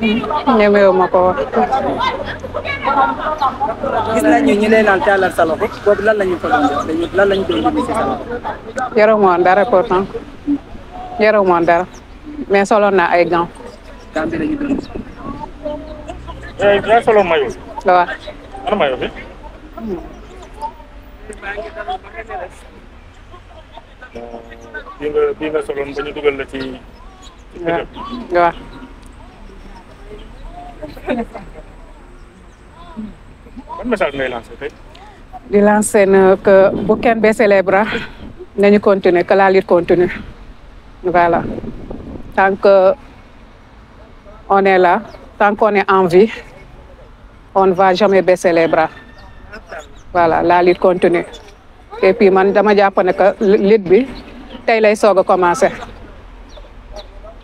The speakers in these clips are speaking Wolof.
ñemewu ma ko wax. gis nañu ñu lay naan tàllal sa loxo boobu lan la ñu ko doon lan la ñu doon liggéey si sa loxo. yoroo moon dara pourtant yoroo moon dara mais soloon naa ay gants. gants bi la ñu doon. yaa eh, solo mayo. waaw. ana mayo bi. Hmm. bii nga bii nga soloon ba ñu dugal la ci. waaw waaw. ban message ngay lancé Je lancé que bu kenn célébrer. les bras nous continuer que la lutte continue voilà tant qu'on est là tant qu'on est en vie on ne va jamais baisser les bras voilà la lutte continue et puis je me jàpp que que lutte bi commencer lay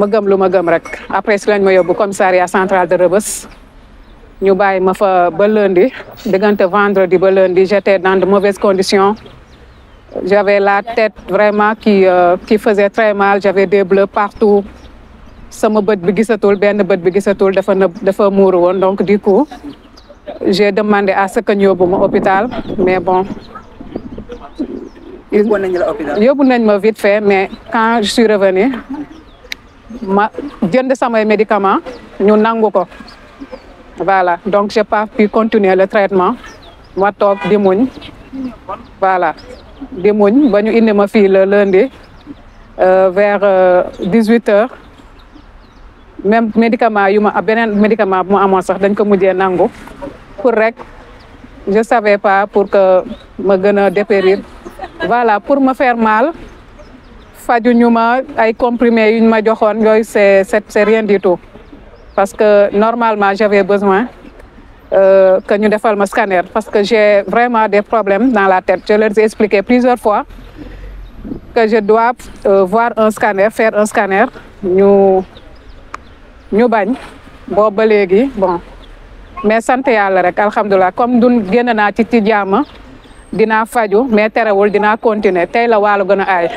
ma gëm lu ma gëm rek après lañ ma yóbbu commissariat central de Rebus. ñu bàyyi ma fa ba lundi diggante vendredi ba lundi j'étais dans de mauvaises conditions j'avais la tête vraiment qui euh, qui faisait très mal j'avais des bleus partout sama bët bi gisatul benn bët bi gisatul dafa dafa muuru woon donc du coup j'ai demandé à ce que ñu yóbbu ma hôpital mais bon yóbbu nañ ma vite fait mais quand je suis revenu, ma jënd mes médicaments ñu nangu ko voilà donc j'ai pas pu continuer le traitement ma toog di voilà di muñ ba ñu indi ma fii le lundi euh, vers 18 euh, huit heures même médicament yu ma beneen médicament bu ma sax dañ ko mujjee nangu pour rek je savais pas pour que ma gën a dépérir voilà pour me faire mal faju ñuma ay comprimés une ma c'est c'est rien du tout parce que normalement j'avais besoin euh, que nous fassions un scanner parce que j'ai vraiment des problèmes dans la tête je leur ai expliqué plusieurs fois que je dois euh, voir un scanner faire un scanner nous sommes bañ bon mais santé à rek comme nous avons. ci dina faju mais terewul dina continuer tay la walu gëna ay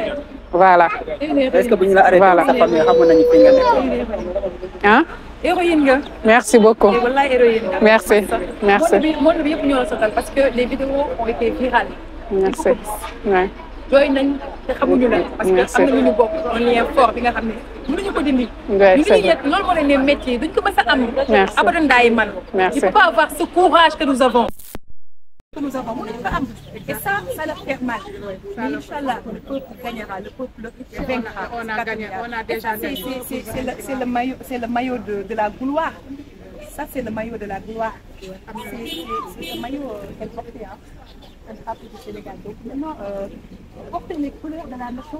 voilà. est-ce que bu la arrêté voilà sa famille xamoon nañu fi nga nekk. hein héroïne nga. merci beaucoup eh, wallahi héroïne nga. merci merci. monde bi yëpp ñoo la sotal parce que les vidéos ont été virales. merci waay. jooy nañ te xamuñu la. parce que am nañu ñu bokk on lien fort bi nga xam ne mënuñu ko dindi. ñu c'est vrai loolu mo leen né métier duñ ko mësa am. merci abadan daay man. merci il faut pas avoir ce courage que nous avons nous avons. On femmes Et ça, ça leur fait mal. Mais Inch'Allah, le peuple gagnera, le peuple vaincra. On a gagné, on a déjà gagné. C'est le, maillot, le de, de la gloire. Ça, c'est le maillot de la gloire. C'est le maillot euh, qu'elle portait, hein. Elle frappe du Sénégal. Donc maintenant, euh, porter les couleurs de la nation,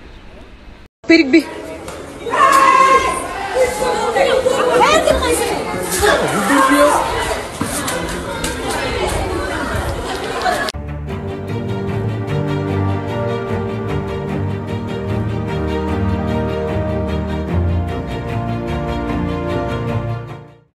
Pirbi. O Pirbi é...